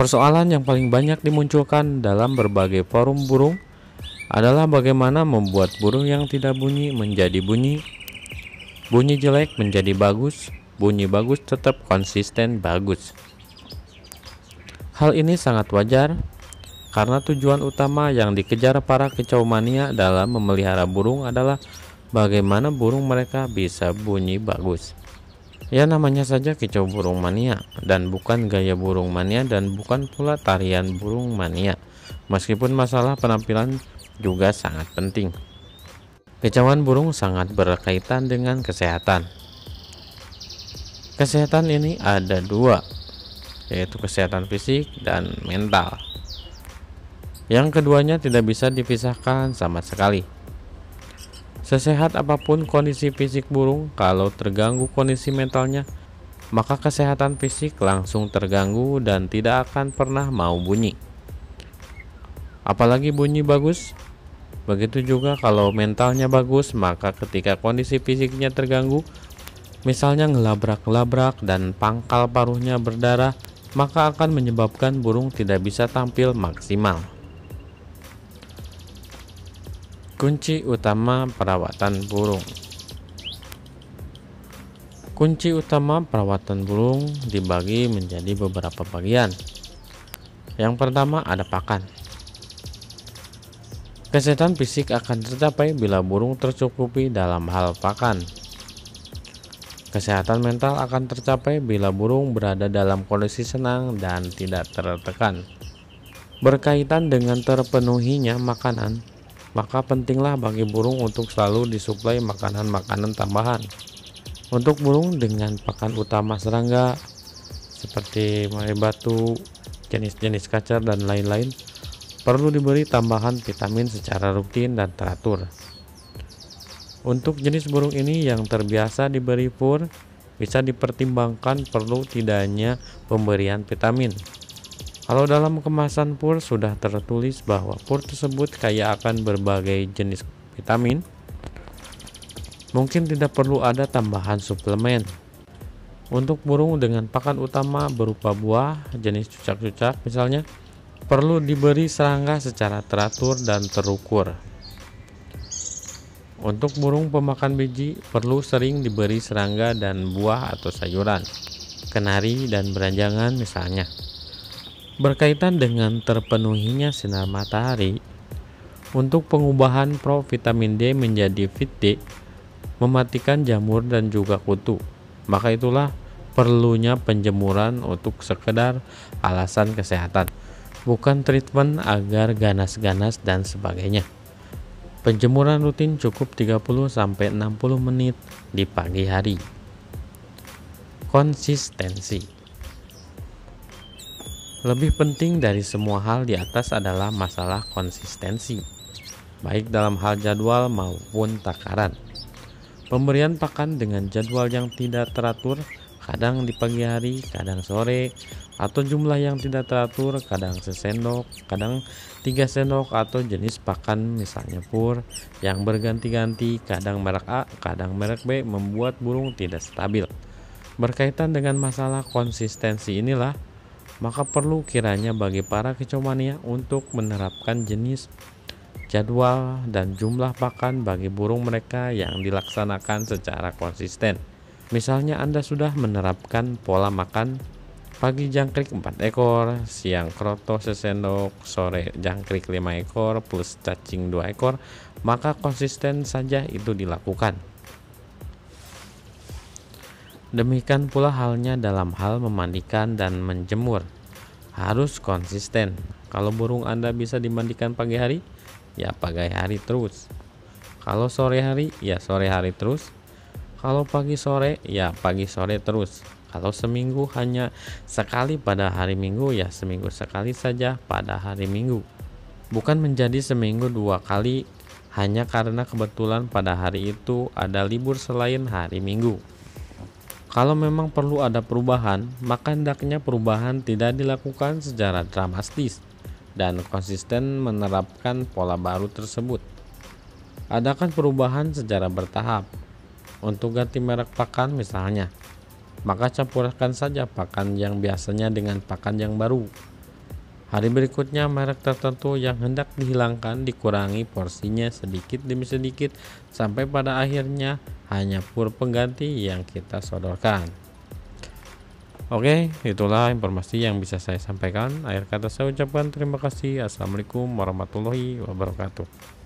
Persoalan yang paling banyak dimunculkan dalam berbagai forum burung adalah bagaimana membuat burung yang tidak bunyi menjadi bunyi, bunyi jelek menjadi bagus, bunyi bagus tetap konsisten bagus. Hal ini sangat wajar karena tujuan utama yang dikejar para kecau mania dalam memelihara burung adalah bagaimana burung mereka bisa bunyi bagus. Ya namanya saja kicau burung mania dan bukan gaya burung mania dan bukan pula tarian burung mania. Meskipun masalah penampilan juga sangat penting. Kicauan burung sangat berkaitan dengan kesehatan. Kesehatan ini ada dua, yaitu kesehatan fisik dan mental. Yang keduanya tidak bisa dipisahkan sama sekali. Sesehat apapun kondisi fisik burung, kalau terganggu kondisi mentalnya, maka kesehatan fisik langsung terganggu dan tidak akan pernah mau bunyi. Apalagi bunyi bagus. Begitu juga kalau mentalnya bagus, maka ketika kondisi fisiknya terganggu, misalnya ngelabrak-labrak dan pangkal paruhnya berdarah, maka akan menyebabkan burung tidak bisa tampil maksimal. Kunci utama perawatan burung Kunci utama perawatan burung dibagi menjadi beberapa bagian Yang pertama ada pakan Kesehatan fisik akan tercapai bila burung tercukupi dalam hal pakan Kesehatan mental akan tercapai bila burung berada dalam kondisi senang dan tidak tertekan berkaitan dengan terpenuhinya makanan maka pentinglah bagi burung untuk selalu disuplai makanan-makanan tambahan. Untuk burung dengan pakan utama serangga seperti mulai batu, jenis-jenis kacar dan lain-lain perlu diberi tambahan vitamin secara rutin dan teratur. Untuk jenis burung ini yang terbiasa diberi pur bisa dipertimbangkan perlu tidaknya pemberian vitamin. Kalau dalam kemasan pur sudah tertulis bahwa pur tersebut kaya akan berbagai jenis vitamin, mungkin tidak perlu ada tambahan suplemen. Untuk burung dengan pakan utama berupa buah, jenis cucak-cucak misalnya, perlu diberi serangga secara teratur dan terukur. Untuk burung pemakan biji, perlu sering diberi serangga dan buah atau sayuran, kenari dan beranjangan misalnya berkaitan dengan terpenuhinya sinar matahari. Untuk pengubahan provitamin D menjadi fit D, mematikan jamur dan juga kutu. Maka itulah perlunya penjemuran untuk sekedar alasan kesehatan, bukan treatment agar ganas-ganas dan sebagainya. Penjemuran rutin cukup 30 60 menit di pagi hari. Konsistensi lebih penting dari semua hal di atas adalah masalah konsistensi, baik dalam hal jadwal maupun takaran. Pemberian pakan dengan jadwal yang tidak teratur, kadang di pagi hari, kadang sore, atau jumlah yang tidak teratur, kadang sesendok, kadang tiga sendok atau jenis pakan misalnya pur yang berganti-ganti, kadang merek A, kadang merek B membuat burung tidak stabil. Berkaitan dengan masalah konsistensi inilah maka perlu kiranya bagi para kecomania untuk menerapkan jenis jadwal dan jumlah pakan bagi burung mereka yang dilaksanakan secara konsisten. Misalnya Anda sudah menerapkan pola makan pagi jangkrik 4 ekor, siang kroto sesendok, sore jangkrik 5 ekor plus cacing 2 ekor, maka konsisten saja itu dilakukan. Demikian pula halnya dalam hal memandikan dan menjemur harus konsisten. Kalau burung Anda bisa dimandikan pagi hari, ya pagi hari terus. Kalau sore hari, ya sore hari terus. Kalau pagi sore, ya pagi sore terus. Kalau seminggu hanya sekali pada hari Minggu, ya seminggu sekali saja pada hari Minggu. Bukan menjadi seminggu dua kali hanya karena kebetulan pada hari itu ada libur selain hari Minggu. Kalau memang perlu ada perubahan, maka hendaknya perubahan tidak dilakukan secara dramatis dan konsisten menerapkan pola baru tersebut. Adakan perubahan secara bertahap. Untuk ganti merek pakan misalnya, maka campurkan saja pakan yang biasanya dengan pakan yang baru. Hari berikutnya, merek tertentu yang hendak dihilangkan dikurangi porsinya sedikit demi sedikit sampai pada akhirnya hanya pur pengganti yang kita sodorkan. Oke, itulah informasi yang bisa saya sampaikan. Akhir kata saya ucapkan terima kasih. Assalamualaikum warahmatullahi wabarakatuh.